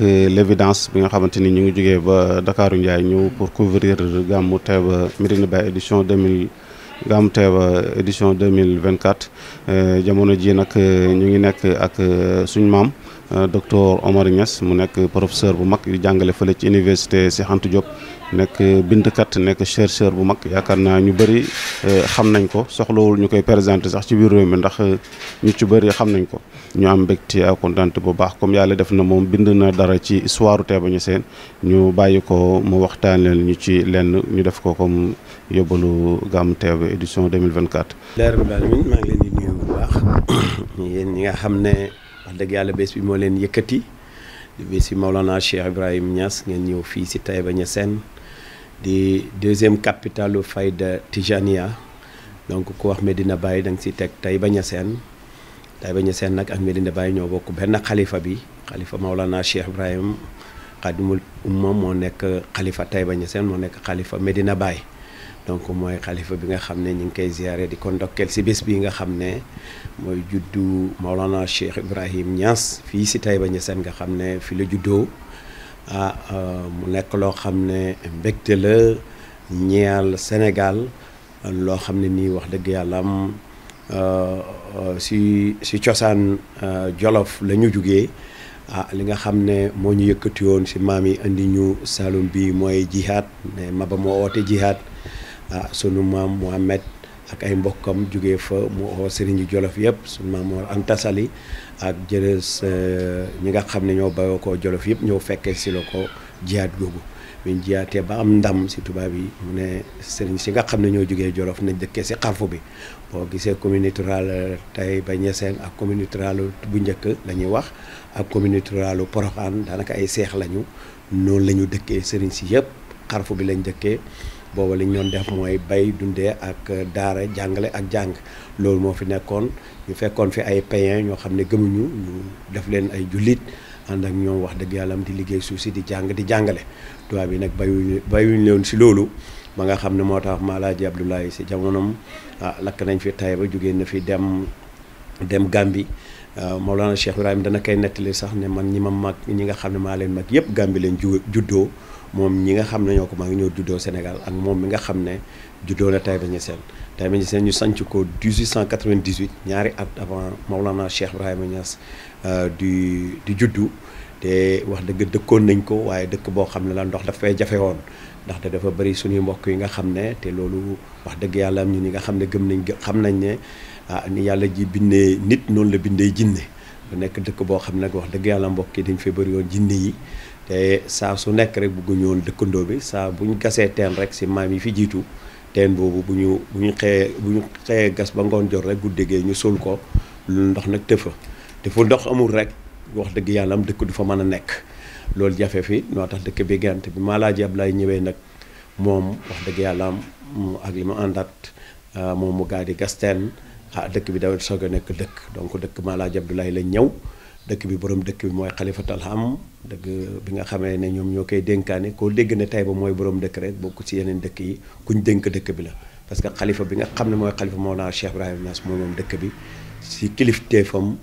ak bi nga xamante ni ñu ngi jógee ba Dakaaru Ndiaye ñëw pour couvrir gàmmu Taïba Médina Baye édition 2000 gàmmu Taïba édition 2024 euh, jamono ji nag euh, ñu ngi nekk ak euh, suñu maam docteur Omar Niass mu nekk professeur bu mag di jàngale fële ci université Cheikh Anta Diop nekk bindkat nekk chercheur bu mag yaakaar naa ñu bëri euh, xam nañ ko soxlawul ñu koy présenté sax ci biir réew mi ndax euh, ñu ci bëri xam nañ ko ñu am mbégte ak kontante bu baax comme yàlla def na moom bind na dara ci histoire Taïba seen ñu bàyyi ko mu waxtaaneel ñu ci lenn ñu def ko comme yóbbalu gàmm Taïba édition 2024. leer bi daal maa ngi leen di nuyu bu baax yéen ñi nga xam ne wax dëgg yàlla bés bi moo leen yëkkati bés bi Maolana Cheikh Ibrahim ñas ngeen ñëw fii si Taïba seen di deuxième capitalu fayda Tijania donc ku wax Medina Baye da nga si teg Taïba Niassène Taïba Niassène nag ak Medina Baye ñoo bokk benn xalifa bi xalifa Maolana Cheikh Ibrahim Xadimul Umma moo nekk xalifa Taïba Niassène moo nekk xalifa Medina Baye donc mooy xalifa bi nga xam ne ñu ngi koy ziare di ko ndokkeel si bés bi nga xam ne mooy juddu Maolana Cheikh Ibrahim Niass fii si Taïba Niassène nga xam ne fi la juddoo ah euh, mu nekk loo xam ne mbégte la ñeel Sénégal loo xam ne nii wax dëgg yàlla am euh, si si cosaan euh, Jolof la ñu jugee ah li nga xam ne moo ñu yëkkati woon si maam yi indi ñu Saloum bi mooy jihaad ne Maba moo woote jihaad ah sunu maam Mohamed ak ay mbokkam jógee fa mu oo sëriñu jolof yëpp suñu maam Mor Anta Sali ak jërës euh, ñi nga xam ne ñoo bayoo koo jolof yëpp ñëw fekkee si la ko jiyaat googu ñu jiyaatee ba am ndam si tubaab yi mu ne sëriñ si nga xam ne ñoo jógee jolof nañ dëkkee si xarfu bi boo gisee communauté rurale tey ba Niassène ak communauté rurale bu njëkk la ñuy wax ak communauté rurale Porokhane daanaka ay seex lañu noonu la ñu dëkkee sëriñ si yëpp xarfu bi lañ dëkkee booba li ñu doon def mooy bay dundee ak euh, daara jàngale ak jàng loolu moo fi nekkoon ñu fekkoon fi ay païens ñoo xam ne gëmuñu ñu def leen ay jullit ànd ak ñoom wax dëgg yàlla am di liggéey suuf si di jàng di jàngale tubaab yi nag bayuñu bayuñu leen si loolu ba nga xam ne moo tax Maalaaji Abdoulaye si jamonoom ah lakk nañ fi Taïba jógee na fi dem dem Gàmbi ah, Mawlana Cheikh Ibrahim dana koy nettali sax ne man ñi ma mag ñi nga xam ne maa leen mag yëpp Gàmbi leen ju juddoo moom ñi nga xam ne ñoo ko maa ngi ñëw juddoo Sénégal ak moom mi nga xam ne juddoo na Taïba Niassène Taïba Niassène ñu sanc ko 1898 ñaari at avant Maulana Cheikh Ibrahima Niass euh, du di juddu te wax dëgg dëkkoon nañ ko waaye dëkk boo xam ne la ndox dafay jafe woon ndaxte dafa bari suñuy mbokk yi nga xam ne te loolu wax dëgg yàlla am ñu ñi nga xam ne gëm nañ xam nañ ne ah ni yàlla ji bindee nit noonu la bindee jinne bu nekk dëkk boo xam ne nag wax dëgg yàlla mbokk yi dañ fee bëri woon yi te saa su nekk rek buggu woon dëkkandoo bi saa bu ñu gasee teen rek si maam yi fi jiitu teen boobu bu ñu bu ñu xëyee bu ñu xëyee gas ba ngoon jot rek déggee ñu sul ko lu ndox nag tëfa te fu ndox amul rek wax dëgg yàlla am dëkk du fa mën a nekk loolu jafe fi noo tax dëkk bi gent bi Maalaaji Ablaye ñëwee nag moom wax dëgg yàlla ak li mu àndaat ah, moom mu gaa di gas ah, dëkk bi dawet soog a nekk dëkk donc dëkk Maalaaji Abdoulaye la ñëw dëkk bi borom dëkk bi mooy xalifatal am dëgg bi nga xamee ne ñoom ñoo koy dénkaane koo dégg ne Taïba mooy boroom dëkk rek bokk ci yeneen dëkk yi kuñ dënk dëkk bi la parce que xalifa bi nga xam ne mooy xalifa Mawlana Cheikh Ibrahima Niass mooy moom dëkk bi si kilifteefam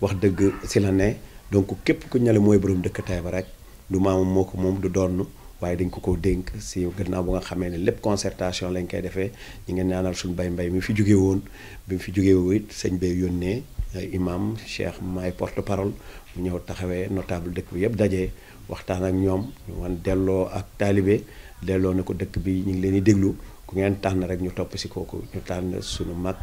wax dëgg si la ne donc képp ku ñale mooy borom dëkk ba rek du maamam moo ko moom du doon waaye dañ ko ko dénk si gannaaw bu nga xamee ne lépp concertation lañ koy defee ñu ngi ñaanal suñu bay mbay mi fi jóge woon bi fi jóge woo it sëñ bay yónnee Eh, imam cheikh may porte parole mu ñëw taxawee notable dëkk bi yëpp dajee waxtaan ak ñoom ñu man delloo ak taalibe delloo na ko dëkk bi ñu ngi leen di déglu ku ngeen tànn rek ñu topp si kooku ñu tànn suñu mag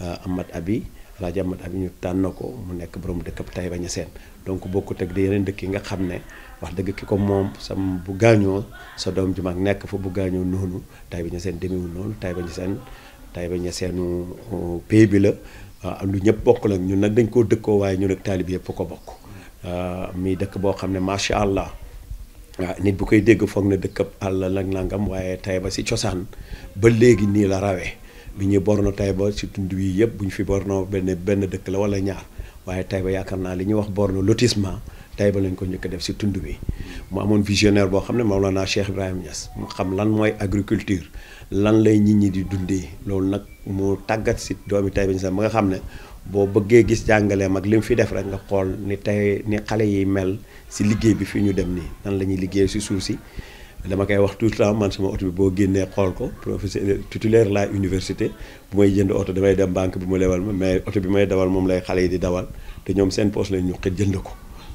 eh, Amat Abi Alaaji Amat Abi ñu tànn ko mu nekk borom dëkk ab Taïba seen donc boo ko teg di yeneen dëkk yi nga xam ne wax dëgg ki ko moom sa bu gaañoo sa doom ju mag nekk fa bu gaañoo noonu Taïba Niassène demeewul noonu Taïba Niassène Taïba Niasseenu pays bi la waaw ah, lu ñëpp bokk nag ñun nag dañ koo dëkkoo waaye ñu nag taalib yëpp ko bokk ah, muy dëkk boo xam ne macha allah waaw ah, nit bu koy dégg foog na dëkk àll nag nangam waaye Taïba si cosaan ba léegi nii la rawee bi ñuy borno Taïba si tund wi yëpp bu ñu fi borno benn benn dëkk la wala ñaar waaye Taïba yaakaar naa li ñuy wax borno lotissement Taïba lañ ko njëkk def si tund bi mu amoon visionnaire boo xam ne Maolana Cheikh Ibrahima Niass mu xam lan mooy agriculture lan lay nit ñi di dundee loolu nag mu tàggat si doomi Taïba Niass ba nga xam ne boo bëggee gis jàngaleem ak li mu fi def rek nga xool ni tey ni xale yi mel si liggéey bi fi ñu dem nii nan la ñuy si suuf si dama koy wax tout le temps man sama oto bi boo génnee xool ko professeur titulaire la université bu may jënd oto damay dem banque bi mu lewal ma mais oto bi may dawal moom lay xale yi di dawal te ñoom seen poche lañ ñu xëj jënd ko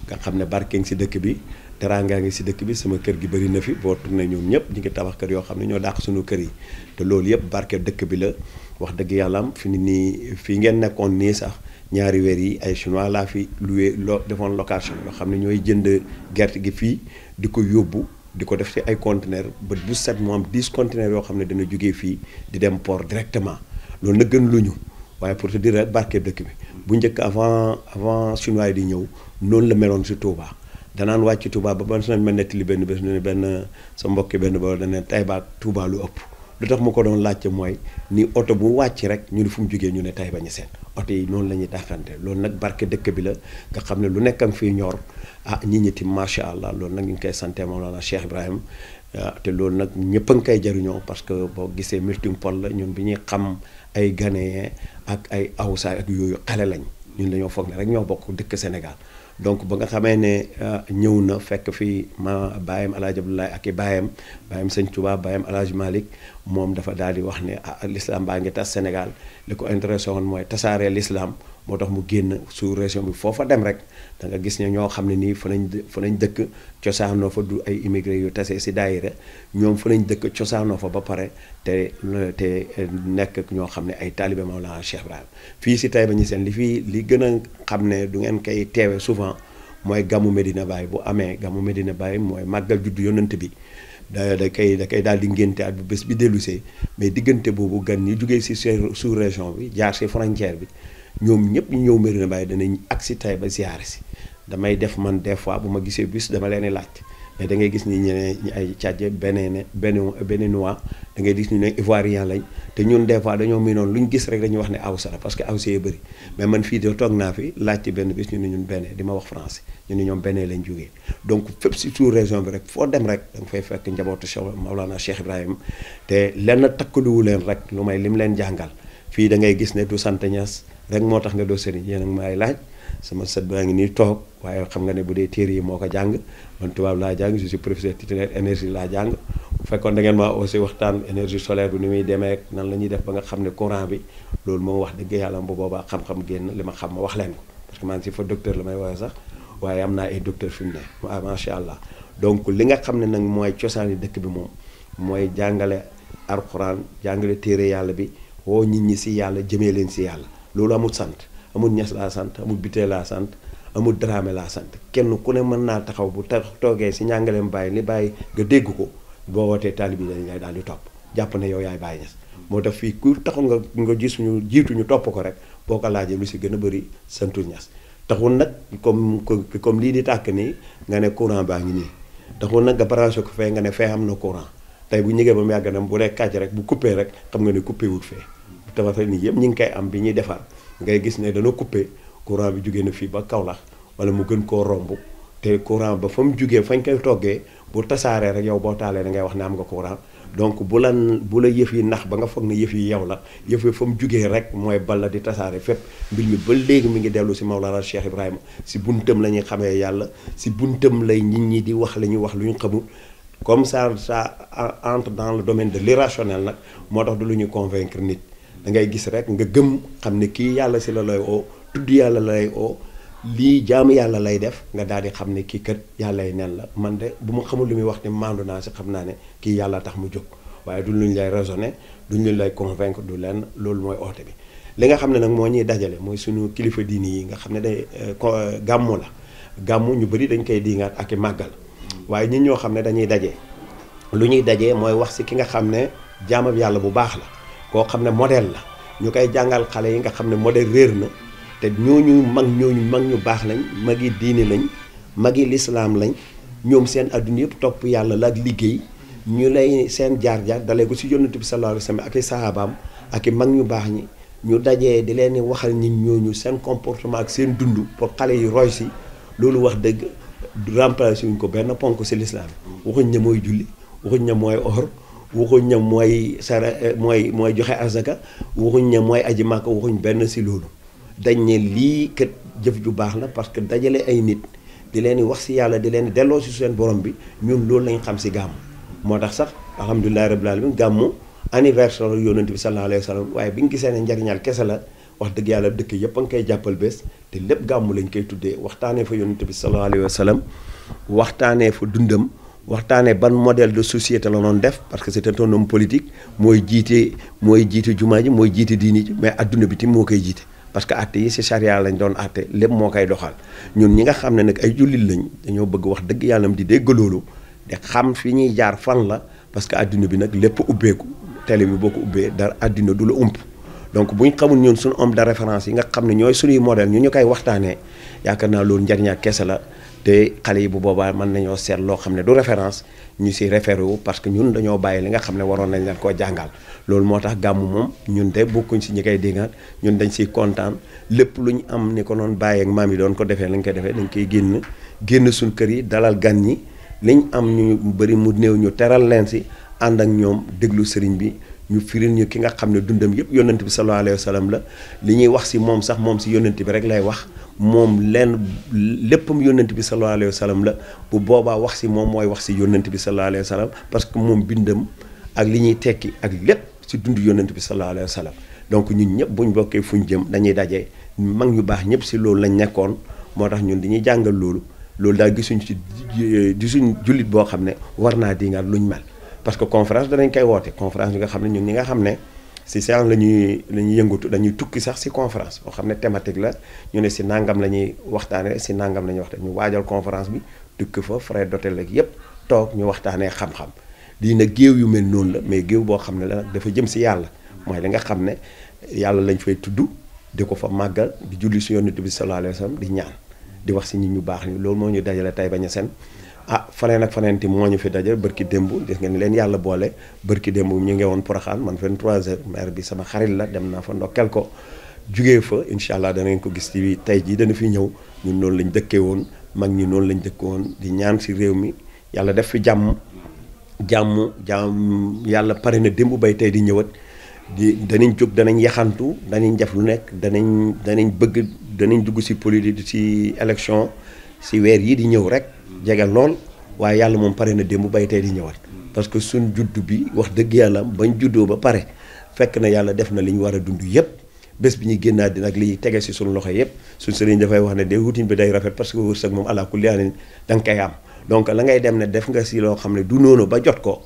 nga xam ne barke ngi si dëkk bi teraanga ngi si dëkk bi sama kër gi bëri na fi boo tourné ñoom ñëpp ñu ngi tabax kër yoo xam ne ñoo dàq suñu kër yi te loolu yëpp barke dëkk bi la wax dëgg yàlla am fi ni nii fii ngeen nekkoon nii sax ñaari weer yi ay chinois laa fi loué lo defoon location yoo xam ne ñooy jënd gerte gi fii di ko yóbbu di ko def si ay conteneur bët bu set mu am 10 conteneurs yoo xam ne dana jógee fii di dem port directement loolu na gën lu ñu waaye pour te dire barke dëkk bi bu njëkk avant avant chinois di ñëw loolu la meloon si Touba danaan wàcc Touba ba ban semaine ma nettali benn bés ne benn sa mbokki benn ba dana Taïba Touba lu ëpp lu tax ma ko doon laajte mooy ni oto bu wàcc rek ñu fu mu jógee ñu ne Taïba ñu seen oto yi noonu la ñuy taxante loolu nag barke dëkk bi la nga xam ne lu nekk am fii ñor ah ñi ñi tim macha allah loolu nag ñu ngi koy sante Mawlana Cheikh Ibrahim waaw ah, te loolu nag ñëpp a ngi koy jariñoo parce que boo gisee melting pot la ñun bi ñuy xam ay Ghanéen ak ay Hausa ak yooyu xale lañ ñun dañoo foog ne rek ñoo bokk dëkk Sénégal donc ba nga xamee ne euh, ñëw na fekk fii ma baayam El Hadj ak i baayam baayam Sëñ tubaab baayam El Hadj moom dafa daal di wax ne ah l'islam baa ngi tas Sénégal li ko intéressé woon mooy tasaaree l'islam moo tax mu génn sous région bi foofa dem rek danga gis ne ñoo xam ne nii fa lañ fa lañ dëkk cosaanoo fa du ay immigré yu tasee si rek ñoom fa lañ dëkk cosaanoo fa ba pare te te nekk ñoo xam ne ay taalibe Mawlana Cheikh fii si Taïba Niassène li fii li gën a xam ne du ngeen koy teewe souvent mooy gamu Medina Baye bu amee gamu Medina Baye mooy màggal juddu yonent bi da da koy da koy daal di ngénte at bu bés bi dellusee mais diggante boobu gan ñi jógee si sous région bi jaar si frontière bi ñoom ñëpp ñu ñëw Medina Baye danañ agsi tay ba ziare si damay def man des fois bu ma gisee bus dama leen laaj mais da ngay gis ni ñeneen ñi ay Tchadien beneen beneen béninois da ngay gis ñu ne Ivoirien lañ te ñun des fois dañoo miinoon lu ñu gis rek dañuy wax ne Hausa la parce que Hausa yi bëri mais man fii de toog naa fi laaj ci benn bés ñu ne ñun beneen di ma wax français ñu ne ñoom beneen lañ jógee donc fépp si tout région bi rek foo dem rek da nga fay fekk njabootu Cheikh Maulana Cheikh Ibrahim te lenn takkaluwu leen rek lu may lim leen jàngal fii da ngay gis ne du sant Ñas rek moo tax ne doo sëriñ yéen ak maay laaj sama sët baa ngi nii toog waaye xam nga ne bu dee téere yi moo ko jàng man tubaab laa jàng je suis professeur titulaire énergie laa jàng bu da ngeen maa aussi waxtaan énergie solaire bi ni muy demee nan la ñuy def ba nga xam ne courant bi loolu moom wax dëgg yàlla bu boobaa xam génn li ma xam ma wax leen ko parce fa docteur la may woowee sax waaye am naa ay docteur fi mu ne waaw macha allah donc li nga xam ne nag mooy cosaani dëkk bi moom mooy jàngale alxuraan jàngale téere yàlla bi woo nit ñi si yàlla jëmee leen si yàlla loolu amul sant amul ñas laa sant amul bite laa sant amul dramé laa sant kenn ku ne mën naa taxaw bu ta toogee si ñàngaleem bàyyi li bàyyi nga dégg ko boo wootee taalib yi dañ lay daal di topp jàpp na yow yaay bàyyi ñes moo tax fii ku taxul nga nga gis ñu jiitu ñu topp ko rek boo ko laajee lu si gën a bëri santul ñes taxul nag comme comme lii di tàkk nii nga ne courant baa ngi nii taxul nag nga branché ko fee nga ne fee am na courant tey bu ñëgee ba mu yàgg na bu dee kàcc rek bu coupé rek xam nga ne coupé wul tabaski nii yëpp ñu ngi koy am bi ñuy defar ngay gis ne dana coupé courant bi jugee na fii ba kaw Kaolack wala mu gën koo romb te courant ba fa mu jugee fañ koy toggee bu tasaaree rek yow boo taalee da ngay wax ne am nga courant donc bu la bu la yëf yi nax ba nga foog ne yëf yi yow la yëf yi fa mu jugee rek mooy balla di tasaaree fépp mbir mi ba léegi mu ngi dellu si maw Maolana Cheikh Ibrahima si buntam la ñuy xamee yàlla si buntam lay nit ñi di wax la ñuy wax lu ñu xamul comme ça ça entre dans le domaine de l'irrationnel nag moo tax du lu ñuy convaincre da ngay gis rek nga gëm xam ne kii yàlla si la lay oo tudd yàlla la lay oo lii jaamu yàlla lay def nga daal di xam ne kii kat yàlla yi nen la man de bu mu xamul lu muy wax ne maandu naa si xam naa ne kii yàlla tax mu jóg waaye du luñ lay raisonné duñ luñ lay convaincre du lenn loolu mooy oote bi. li nga xam ne nag moo ñuy dajale mooy suñu kilifa diini yi nga xam ne day euh, euh, gàmmu la gàmmu ñu bëri dañ koy diingaat ak i màggal waaye ñun ñoo xam ne dañuy daje lu ñuy dajee mooy wax si ki nga xam ne jaamab yàlla bu baax la. koo xam ne modèle la ñu koy jàngal xale yi nga xam ne modèle réer na te ñooñu mag ñooñu mag ñu baax lañ mag yi diine lañ mag yi lislaam lañ ñoom seen adduna yëpp topp yàlla la ak liggéey ñu lay seen jaar-jaar dalee ko si yonent bi sallallahu alayhi wa ak i mag ñu baax ñi ñu dajee di leen waxal nit ñooñu seen comportement ak seen dund pour xale yi roy si loolu wax dëgg remplacé wuñ ko benn ponk si lislaam waxuñ ne mooy julli waxuñ na mooy or waxuñ ne mooy sara eh, mooy mooy joxe azaka waxuñ ne mooy aji màkka waxuñ benn si loolu dañ ne lii kat jëf ju baax na parce que dajale ay nit di leen wax si yàlla di leen delloo si seen borom bi ñun loolu lañ xam si gàmm moo tax sax alhamdulilah rabbil alamin gàmmu anniversaire yonent bi sallallahu alayhi wa sallam waaye bi ñu gisee ne njariñaal kese la wax dëgg yàlla dëkk yëpp a nga koy jàppal bés te lépp gàmmu lañ koy tuddee waxtaanee fa yonent bi sallallahu alayhi wa sallam waxtaanee fa dundam waxtaanee ban modèle de société la doon def parce que c'est un homme politique mooy jiite mooy jiite jumaa ji mooy jiite diini ji mais adduna bi tamit moo koy jiite parce que atte yi ci charia lañ doon atte lépp moo koy doxal ñun ñi nga xam ne nag ay jullit lañ dañoo bëgg wax dëgg yàlla di dégg loolu de xam fi ñuy jaar fan la parce que àdduna bi nag lépp ubbeeku télé bi boo ko ubbee dara adduna du la ump donc bu ñu xamul ñun suñu homme yi nga xam ne ñooy suñuy modèle ñu ñu koy waxtaanee yaakaar naa loolu njariñaa kese la te xale yi bu boobaa mën nañoo seet loo xam ne du référence ñu si référé wu parce que ñun dañoo bàyyi li nga xam ne waroon nañ leen koo jàngal loolu moo tax gàmm moom ñun de bokkuñ si ñi koy déggal ñun dañ siy kontaan lépp lu ñu am ni ko noonu bàyyi ak maam yi doon ko defee lañ koy defee dañ koy génn génn suñ kër yi dalal gan ñi liñ am ñu bëri mu néew ñu teral leen si ànd ak ñoom déglu sëriñ bi ñu firil ñu ki nga xam ne dundam yëpp yonent bi sallallahu alayhi wa la li ñuy wax si moom sax moom si yonent bi rek lay wax moom lenn léppam yonent bi sallallahu alayhi wa la bu boobaa wax si moom mooy wax si yonent bi sallallahu alayhi wa parce que moom bindam ak li ñuy tekki ak lépp si dund yonent bi sallallahu alayhi wa donc ñun ñëpp buñ bokkee fuñ jëm dañuy dajee mag ñu baax ñëpp si loolu lañ nekkoon moo tax ñun dañuy jàngal loolu loolu daal gisuñ ci gisuñ jullit boo xam ne war naa di nga luñ mel parce que conférence danañ koy woote conférence yi nga xam ne ñun ñi nga xam ne si séance la ñuy la ñuy yëngatu dañuy tukki sax si conférence boo xam ne thématique la ñu ne si nangam la ñuy waxtaanee si nangam la ñuy waxtaan ñu waajal conférence bi tukki fa frais d'hôtel ak yépp toog ñu waxtaanee xam-xam lii géew yu mel noonu la mais géew boo xam ne la dafa jëm si yàlla mooy li nga xam ne yàlla lañ fay tudd di ko fa màggal di julli si yoon bi sallallahu alayhi wa di ñaan di wax si nit ñu baax ñi loolu moo ñu dajale Taïba Niassène ah faneen ak faneen ti moo ñu fi daje bërki démb gis ngeen leen yàlla boole bërki démb ñu ngi woon Porokhane man 23h maire bi sama xarit la dem naa fa ndokkel ko jugee fa incha allah danañ ko gis ci tey jii dana fi ñëw ñun noonu lañ dëkkee woon mag ñi noonu lañ dëkkee woon di ñaan si réew mi yàlla def fi jàmm jàmm jàmm yàlla pare na démb bay tey di ñëwat di danañ jóg danañ yaxantu danañ def lu nekk danañ danañ bëgg danañ dugg si politique si élection si weer yii di ñëw rek. jege lool waaye yàlla moom pare na démb bay tey di ñëwaat parce que suñ juddu bi wax dëgg yàlla bañ juddoo ba pare fekk na yàlla def na li ñu war a dund yépp bés bi ñuy génnaat di nag tege si suñu loxo yépp suñ sëriñ dafay wax ne de wutin bi day rafet parce que wërsëg moom àla kulli haal da nga koy am donc la ngay dem ne def nga si loo xam ne du noonu ba jot ko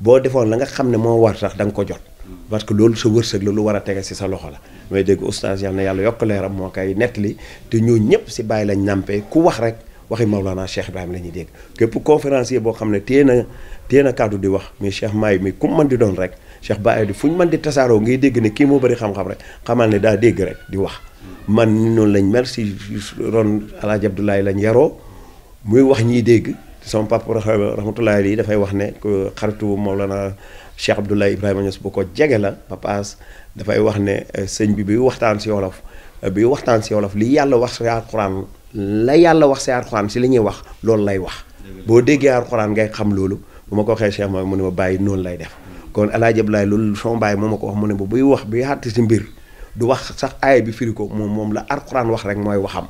boo defoon la nga xam ne moo war sax da nga ko jot parce que loolu sa wërsëg la lu war a tege si sa loxo la may dégg oustaz na yàlla yokk leeram moo koy li te ñoo ñëpp si bàyyi lañ nàmpee ku wax rek waxi Maulana Cheikh Ibrahima la ñuy dégg képp conférencier boo xam ne téye na téye na kàddu di wax mais Cheikh Maay mi ku man di doon rek Cheikh Baye di fu ñu mën di tasaaroo ngay dégg ne kii moo bëri xam-xam rek xamal ne daa dégg rek di wax. man noonu lañ mel si ron El Hadj Abdoulaye lañ yaroo muy wax ñiy dégg sama papa rahmatullahi lii dafay wax ne xaritu Maulana Cheikh Abdoulaye Ibrahima Niass bu ko jege la papaas dafay wax ne euh, sëñ bi bi waxtaan si wolof euh, la yàlla wax si arxuraan si li ñuy wax loolu lay wax boo déggee arxuraan ngay xam loolu bu ma ko waxee Cheikh ma mu ne ma bàyyi noonu lay def kon alaaji Ablaay loolu sama bàyyi moo ma ko wax mu ne ba wax bi àtt si mbir du wax sax aaya bi firi ko moom moom la arxuraan wax rek mooy waxam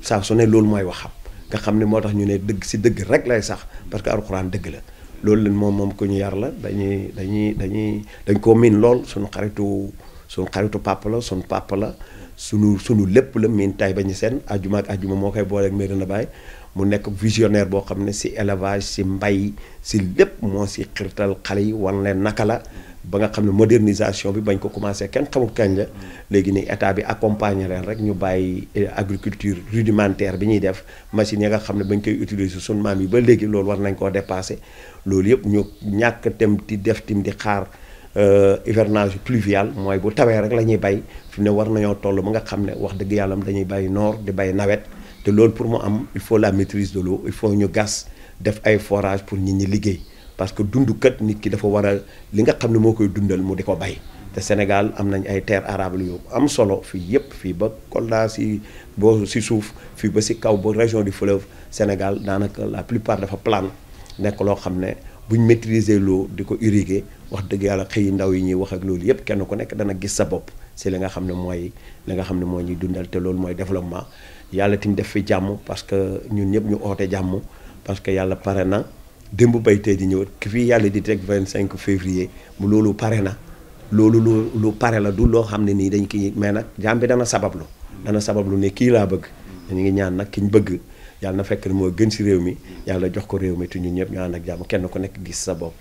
sa su ne loolu mooy waxam nga xam ne moo tax ñu ne dëgg si dëgg rek lay sax parce que arxuraan dëgg la loolu leen moom moom ku ñu yar la dañuy dañuy dañuy dañ koo miin lool suñ xaritu suñu xaritu papa la suñu pàpp la sunu sunu lépp la miin tay ba ñu seen ajuma ak ajuma moo koy booleek booleeg na Baye mu nekk visionnaire boo xam ne si élevage si mbay si lépp moo si xirtal xale yi wan leen naka la ba nga xam ne modernisation bi bañ ko commencé kenn xamul kañ la léegi ni état bi accompagner leen rek ñu bàyyi eh, agriculture rudimentaire bi ñuy def machine yi nga xam ne bañ koy utiliser sunu maam yi ba léegi loolu war nañ koo dépasser loolu yëpp ñu ñàkk tem di def tim di xaar Euh, hivernage pluvial mooy bu tawee rek la ñuy bay fi ne war nañoo toll ba nga xam ne wax dëgg yàlla dañuy bay noor di bay nawet te loolu pour mu am il faut la maîtrise de l'eau il faut ñu gas def ay forage pour nit ñi liggéey parce que dund kat nit ki dafa waral a li nga xam ne moo koy dundal mu di ko bay te Sénégal am nañ ay terres arables yu am solo fii yëpp fii ba Kolda si boo si suuf fii ba si kaw bu région du fleuve Sénégal daanaka la plupart dafa plan nekk loo xam ne buñ maîtriser l'eau di ko irriguer wax dëgg yàlla xëy ndaw yi ñuy wax ak loolu yëpp kenn ku nekk dana gis sa bopp si li nga xam ne mooy li nga xam ne mooy ñuy dundal te loolu mooy développement yàlla tim def fi jàmm parce que ñun ñëpp ñu oote jàmm parce que yàlla pare na démb baytee di ñëw ki fii yàlla di vingt cinq février mu loolu pare na loolu lu lu pare la du loo xam ne nii dañ kii mais nag jàmm bi dana sabablu dana sabablu ne kii laa bëgg ñu ngi ñaan nag ki ñu bëgg yàlla na fekk ne moo gën ci réew mi yàlla jox ko réew mi te ñun ñëpp ñu ànd ak jàmm kenn ku nekk gis sa bopp